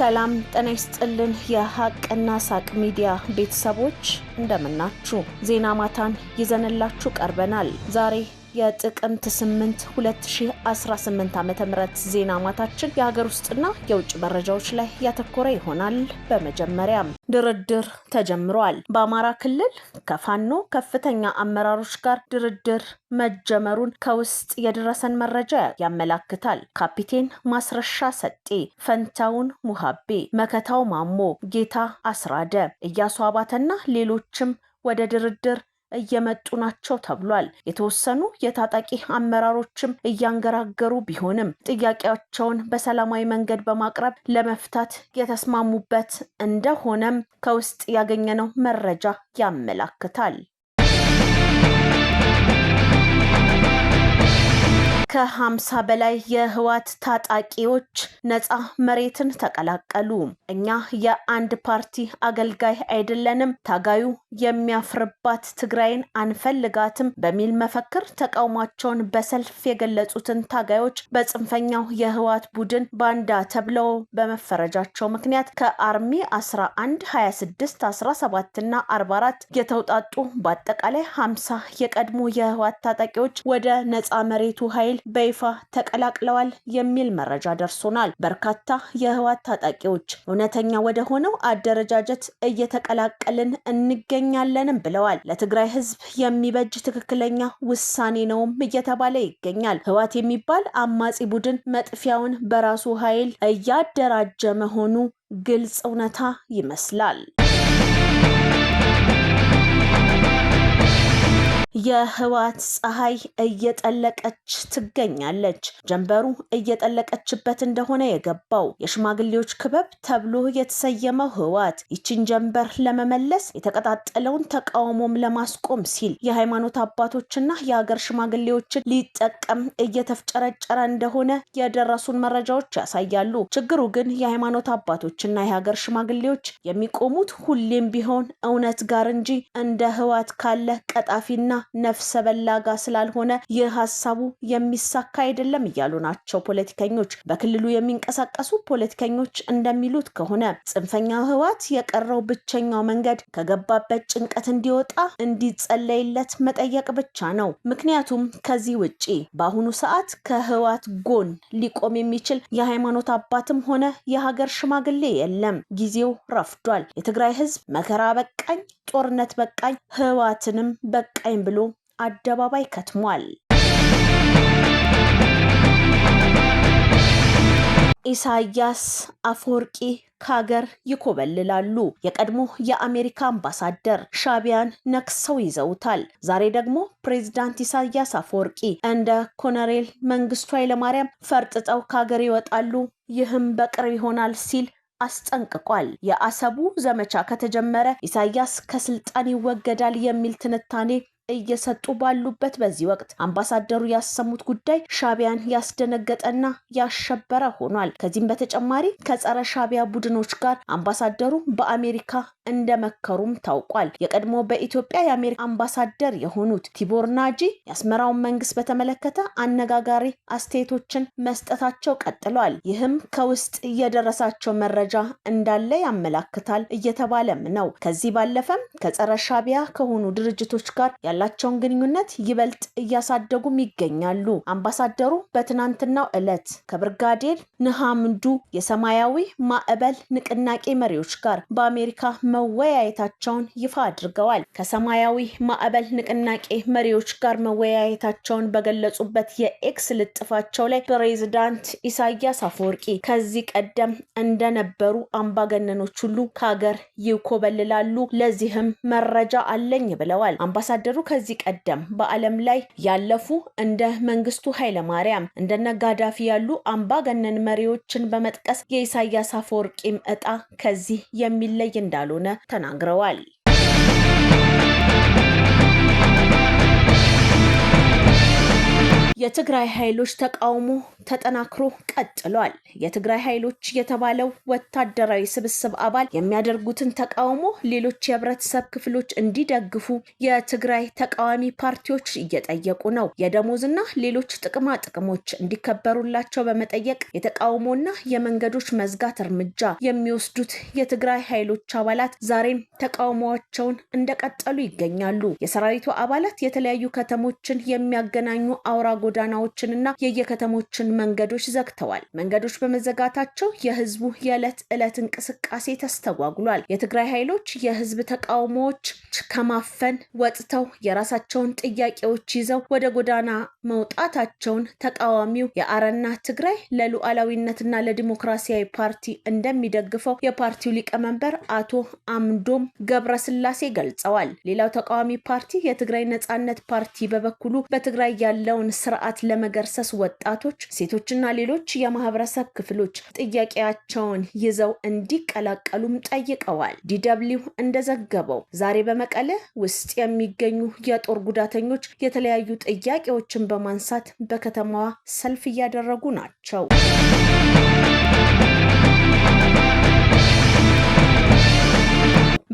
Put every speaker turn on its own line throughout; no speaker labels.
ሰላም ጤና ይስጥልን። የሀቅና ሳቅ ሚዲያ ቤተሰቦች እንደምናችሁ። ዜና ማታን ይዘንላችሁ ቀርበናል ዛሬ የጥቅምት 8 2018 ዓ ም ዜና ማታችን የሀገር ውስጥና የውጭ መረጃዎች ላይ ያተኮረ ይሆናል። በመጀመሪያም ድርድር ተጀምሯል። በአማራ ክልል ከፋኖ ከፍተኛ አመራሮች ጋር ድርድር መጀመሩን ከውስጥ የደረሰን መረጃ ያመላክታል። ካፒቴን ማስረሻ ሰጤ፣ ፈንታውን ሙሃቤ፣ መከታው ማሞ፣ ጌታ አስራደ፣ እያሱ አባተና ሌሎችም ወደ ድርድር እየመጡ ናቸው ተብሏል። የተወሰኑ የታጣቂ አመራሮችም እያንገራገሩ ቢሆንም ጥያቄያቸውን በሰላማዊ መንገድ በማቅረብ ለመፍታት የተስማሙበት እንደሆነም ከውስጥ ያገኘነው መረጃ ያመላክታል። ከሀምሳ 50 በላይ የህወሓት ታጣቂዎች ነፃ መሬትን ተቀላቀሉ። እኛ የአንድ ፓርቲ አገልጋይ አይደለንም፣ ታጋዩ የሚያፍርባት ትግራይን አንፈልጋትም በሚል መፈክር ተቃውሟቸውን በሰልፍ የገለጹትን ታጋዮች በጽንፈኛው የህወሓት ቡድን ባንዳ ተብለው በመፈረጃቸው ምክንያት ከአርሚ 11፣ 26፣ 17 እና 44 የተውጣጡ በአጠቃላይ 50 የቀድሞ የህወሓት ታጣቂዎች ወደ ነፃ መሬቱ ኃይል በይፋ ተቀላቅለዋል የሚል መረጃ ደርሶናል። በርካታ የህወሓት ታጣቂዎች እውነተኛ ወደ ሆነው አደረጃጀት እየተቀላቀልን እንገኛለንም ብለዋል። ለትግራይ ህዝብ የሚበጅ ትክክለኛ ውሳኔ ነውም እየተባለ ይገኛል። ህወሓት የሚባል አማጺ ቡድን መጥፊያውን በራሱ ኃይል እያደራጀ መሆኑ ግልጽ እውነታ ይመስላል። የህወሓት ፀሐይ እየጠለቀች ትገኛለች። ጀንበሩ እየጠለቀችበት እንደሆነ የገባው የሽማግሌዎች ክበብ ተብሎ የተሰየመው ህወሓት ይችን ጀንበር ለመመለስ የተቀጣጠለውን ተቃውሞም ለማስቆም ሲል የሃይማኖት አባቶችና የሀገር ሽማግሌዎችን ሊጠቀም እየተፍጨረጨረ እንደሆነ የደረሱን መረጃዎች ያሳያሉ። ችግሩ ግን የሃይማኖት አባቶችና የሀገር ሽማግሌዎች የሚቆሙት ሁሌም ቢሆን እውነት ጋር እንጂ እንደ ህወሓት ካለ ቀጣፊና ነፍሰ በላጋ ስላልሆነ ይህ ሀሳቡ የሚሳካ አይደለም እያሉ ናቸው ፖለቲከኞች። በክልሉ የሚንቀሳቀሱ ፖለቲከኞች እንደሚሉት ከሆነ ጽንፈኛ ህወሓት የቀረው ብቸኛው መንገድ ከገባበት ጭንቀት እንዲወጣ እንዲጸለይለት መጠየቅ ብቻ ነው። ምክንያቱም ከዚህ ውጪ በአሁኑ ሰዓት ከህወሓት ጎን ሊቆም የሚችል የሃይማኖት አባትም ሆነ የሀገር ሽማግሌ የለም። ጊዜው ረፍዷል። የትግራይ ህዝብ መከራ በቃኝ፣ ጦርነት በቃኝ፣ ህወሓትንም በቃኝ ብሎ አደባባይ ከትሟል። ኢሳያስ አፈወርቂ ከሀገር ይኮበልላሉ። የቀድሞ የአሜሪካ አምባሳደር ሻቢያን ነክሰው ይዘውታል። ዛሬ ደግሞ ፕሬዚዳንት ኢሳያስ አፈወርቂ እንደ ኮሎኔል መንግስቱ ኃይለማርያም ፈርጥጠው ከሀገር ይወጣሉ፣ ይህም በቅርብ ይሆናል ሲል አስጠንቅቋል። የአሰቡ ዘመቻ ከተጀመረ ኢሳያስ ከስልጣን ይወገዳል የሚል ትንታኔ እየሰጡ ባሉበት በዚህ ወቅት አምባሳደሩ ያሰሙት ጉዳይ ሻቢያን ያስደነገጠና ያሸበረ ሆኗል። ከዚህም በተጨማሪ ከጸረ ሻቢያ ቡድኖች ጋር አምባሳደሩ በአሜሪካ እንደመከሩም ታውቋል። የቀድሞ በኢትዮጵያ የአሜሪካ አምባሳደር የሆኑት ቲቦር ናጂ የአስመራውን መንግስት በተመለከተ አነጋጋሪ አስተያየቶችን መስጠታቸው ቀጥሏል። ይህም ከውስጥ የደረሳቸው መረጃ እንዳለ ያመላክታል እየተባለም ነው። ከዚህ ባለፈም ከጸረ ሻቢያ ከሆኑ ድርጅቶች ጋር ያለ ያላቸውን ግንኙነት ይበልጥ እያሳደጉም ይገኛሉ። አምባሳደሩ በትናንትናው ዕለት ከብርጋዴር ንሃምንዱ የሰማያዊ ማዕበል ንቅናቄ መሪዎች ጋር በአሜሪካ መወያየታቸውን ይፋ አድርገዋል። ከሰማያዊ ማዕበል ንቅናቄ መሪዎች ጋር መወያየታቸውን በገለጹበት የኤክስ ልጥፋቸው ላይ ፕሬዚዳንት ኢሳያስ አፈወርቂ ከዚህ ቀደም እንደነበሩ አምባገነኖች ሁሉ ከሀገር ይኮበልላሉ፣ ለዚህም መረጃ አለኝ ብለዋል። አምባሳደሩ ከዚህ ቀደም በዓለም ላይ ያለፉ እንደ መንግስቱ ኃይለማርያም እንደነ ጋዳፊ ያሉ አምባገነን መሪዎችን በመጥቀስ የኢሳያስ አፈወርቂም እጣ ከዚህ የሚለይ እንዳልሆነ ተናግረዋል። የትግራይ ኃይሎች ተቃውሞ ተጠናክሮ ቀጥሏል። የትግራይ ኃይሎች የተባለው ወታደራዊ ስብስብ አባል የሚያደርጉትን ተቃውሞ ሌሎች የህብረተሰብ ክፍሎች እንዲደግፉ የትግራይ ተቃዋሚ ፓርቲዎች እየጠየቁ ነው። የደሞዝና ሌሎች ጥቅማ ጥቅሞች እንዲከበሩላቸው በመጠየቅ የተቃውሞና የመንገዶች መዝጋት እርምጃ የሚወስዱት የትግራይ ኃይሎች አባላት ዛሬም ተቃውሟቸውን እንደቀጠሉ ይገኛሉ። የሰራዊቱ አባላት የተለያዩ ከተሞችን የሚያገናኙ አውራ ጎዳናዎችንና የየከተሞችን መንገዶች ዘግተዋል። መንገዶች በመዘጋታቸው የህዝቡ የዕለት ዕለት እንቅስቃሴ ተስተጓጉሏል። የትግራይ ኃይሎች የህዝብ ተቃውሞዎች ከማፈን ወጥተው የራሳቸውን ጥያቄዎች ይዘው ወደ ጎዳና መውጣታቸውን ተቃዋሚው የአረና ትግራይ ለሉዓላዊነትና ለዲሞክራሲያዊ ፓርቲ እንደሚደግፈው የፓርቲው ሊቀመንበር አቶ አምዶም ገብረስላሴ ገልጸዋል። ሌላው ተቃዋሚ ፓርቲ የትግራይ ነጻነት ፓርቲ በበኩሉ በትግራይ ያለውን ስራ። ስርዓት ለመገርሰስ ወጣቶች፣ ሴቶችና ሌሎች የማህበረሰብ ክፍሎች ጥያቄያቸውን ይዘው እንዲቀላቀሉም ጠይቀዋል። ዲደብሊው እንደዘገበው ዛሬ በመቀለ ውስጥ የሚገኙ የጦር ጉዳተኞች የተለያዩ ጥያቄዎችን በማንሳት በከተማዋ ሰልፍ እያደረጉ ናቸው።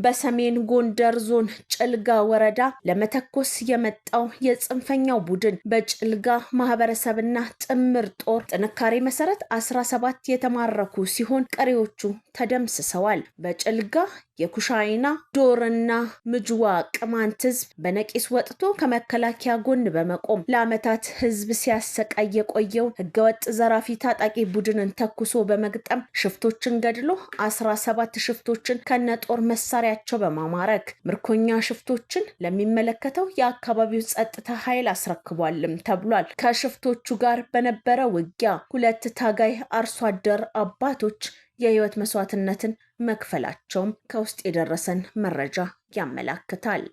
በሰሜን ጎንደር ዞን ጭልጋ ወረዳ ለመተኮስ የመጣው የጽንፈኛው ቡድን በጭልጋ ማህበረሰብና ጥምር ጦር ጥንካሬ መሰረት አስራ ሰባት የተማረኩ ሲሆን ቀሪዎቹ ተደምስሰዋል። በጭልጋ የኩሻይና ዶርና ምጅዋ ቅማንት ህዝብ በነቂስ ወጥቶ ከመከላከያ ጎን በመቆም ለዓመታት ህዝብ ሲያሰቃይ የቆየው ህገወጥ ዘራፊ ታጣቂ ቡድንን ተኩሶ በመግጠም ሽፍቶችን ገድሎ አስራ ሰባት ሽፍቶችን ከነ ጦር መሳሪያ በላያቸው በማማረክ ምርኮኛ ሽፍቶችን ለሚመለከተው የአካባቢው ጸጥታ ኃይል አስረክቧልም ተብሏል። ከሽፍቶቹ ጋር በነበረ ውጊያ ሁለት ታጋይ አርሶ አደር አባቶች የህይወት መስዋዕትነትን መክፈላቸውም ከውስጥ የደረሰን መረጃ ያመላክታል።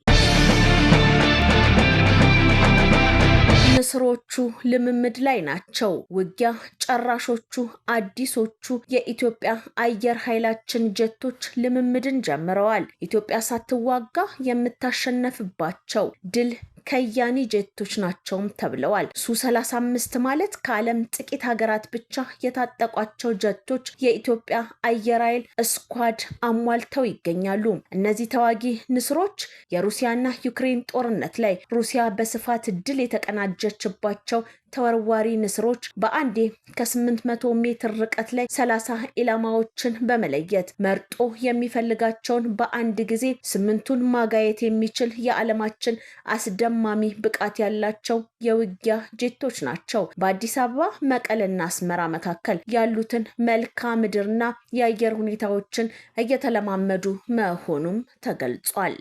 ንስሮቹ ልምምድ ላይ ናቸው። ውጊያ ጨራሾቹ አዲሶቹ የኢትዮጵያ አየር ኃይላችን ጀቶች ልምምድን ጀምረዋል። ኢትዮጵያ ሳትዋጋ የምታሸነፍባቸው ድል ከያኒ ጀቶች ናቸውም ተብለዋል። ሱ 35 ማለት ከዓለም ጥቂት ሀገራት ብቻ የታጠቋቸው ጀቶች የኢትዮጵያ አየር ኃይል ስኳድ አሟልተው ይገኛሉ። እነዚህ ተዋጊ ንስሮች የሩሲያና ዩክሬን ጦርነት ላይ ሩሲያ በስፋት ድል የተቀናጀችባቸው ተወርዋሪ ንስሮች በአንዴ ከ800 ሜትር ርቀት ላይ 30 ኢላማዎችን በመለየት መርጦ የሚፈልጋቸውን በአንድ ጊዜ ስምንቱን ማጋየት የሚችል የዓለማችን አስደማሚ ብቃት ያላቸው የውጊያ ጄቶች ናቸው። በአዲስ አበባ መቀለና አስመራ መካከል ያሉትን መልክዓ ምድርና የአየር ሁኔታዎችን እየተለማመዱ መሆኑም ተገልጿል።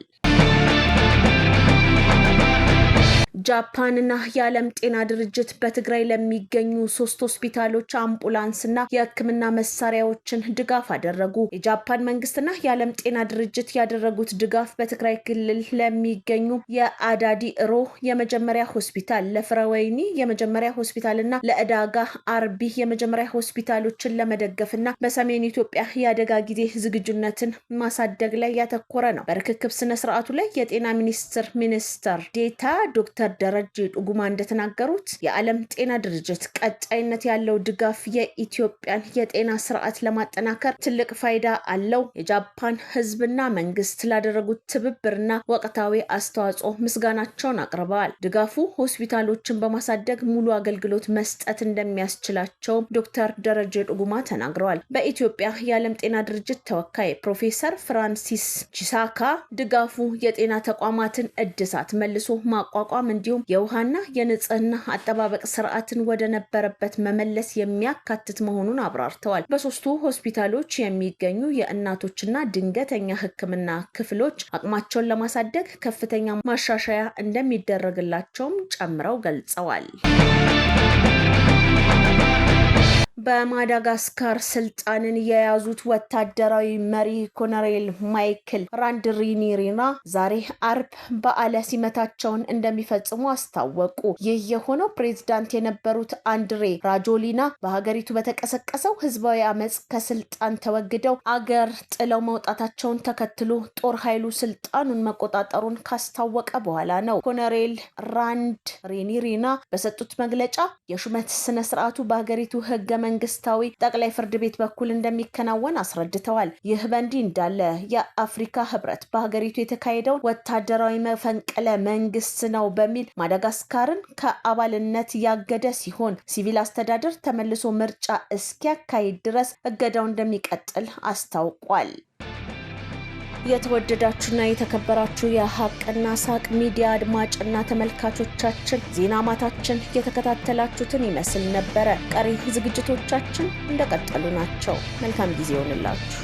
ጃፓንና የዓለም ጤና ድርጅት በትግራይ ለሚገኙ ሶስት ሆስፒታሎች አምቡላንስና የሕክምና መሳሪያዎችን ድጋፍ አደረጉ። የጃፓን መንግስትና የዓለም ጤና ድርጅት ያደረጉት ድጋፍ በትግራይ ክልል ለሚገኙ የአዳዲ ሮ የመጀመሪያ ሆስፒታል፣ ለፍረወይኒ የመጀመሪያ ሆስፒታልና ለእዳጋ አርቢ የመጀመሪያ ሆስፒታሎችን ለመደገፍና በሰሜን ኢትዮጵያ የአደጋ ጊዜ ዝግጁነትን ማሳደግ ላይ ያተኮረ ነው። በርክክብ ስነ ስርዓቱ ላይ የጤና ሚኒስትር ሚኒስትር ዴታ ዶክተር ደረጀ ዱጉማ እንደተናገሩት የዓለም ጤና ድርጅት ቀጣይነት ያለው ድጋፍ የኢትዮጵያን የጤና ስርዓት ለማጠናከር ትልቅ ፋይዳ አለው። የጃፓን ሕዝብና መንግስት ላደረጉት ትብብርና ወቅታዊ አስተዋጽኦ ምስጋናቸውን አቅርበዋል። ድጋፉ ሆስፒታሎችን በማሳደግ ሙሉ አገልግሎት መስጠት እንደሚያስችላቸው ዶክተር ደረጀ ዱጉማ ተናግረዋል። በኢትዮጵያ የዓለም ጤና ድርጅት ተወካይ ፕሮፌሰር ፍራንሲስ ቺሳካ ድጋፉ የጤና ተቋማትን እድሳት መልሶ ማቋቋም እንዲሁም የውሃና የንጽህና አጠባበቅ ስርዓትን ወደ ነበረበት መመለስ የሚያካትት መሆኑን አብራርተዋል። በሶስቱ ሆስፒታሎች የሚገኙ የእናቶችና ድንገተኛ ሕክምና ክፍሎች አቅማቸውን ለማሳደግ ከፍተኛ ማሻሻያ እንደሚደረግላቸውም ጨምረው ገልጸዋል። በማዳጋስካር ስልጣንን የያዙት ወታደራዊ መሪ ኮሎኔል ማይክል ራንድሪኒሪና ዛሬ አርብ በዓለ ሲመታቸውን እንደሚፈጽሙ አስታወቁ። ይህ የሆነው ፕሬዝዳንት የነበሩት አንድሬ ራጆሊና በሀገሪቱ በተቀሰቀሰው ህዝባዊ አመፅ ከስልጣን ተወግደው አገር ጥለው መውጣታቸውን ተከትሎ ጦር ኃይሉ ስልጣኑን መቆጣጠሩን ካስታወቀ በኋላ ነው። ኮሎኔል ራንድ ሪኒሪና በሰጡት መግለጫ የሹመት ስነ ስርዓቱ በሀገሪቱ ህገ መንግስታዊ ጠቅላይ ፍርድ ቤት በኩል እንደሚከናወን አስረድተዋል። ይህ በእንዲህ እንዳለ የአፍሪካ ህብረት በሀገሪቱ የተካሄደውን ወታደራዊ መፈንቅለ መንግስት ነው በሚል ማዳጋስካርን ከአባልነት ያገደ ሲሆን ሲቪል አስተዳደር ተመልሶ ምርጫ እስኪያካሂድ ድረስ እገዳው እንደሚቀጥል አስታውቋል። የተወደዳችሁና የተከበራችሁ የሀቅና ሳቅ ሚዲያ አድማጭና ተመልካቾቻችን ዜና ማታችን የተከታተላችሁትን ይመስል ነበረ። ቀሪ ዝግጅቶቻችን እንደቀጠሉ ናቸው። መልካም ጊዜ ይሆንላችሁ።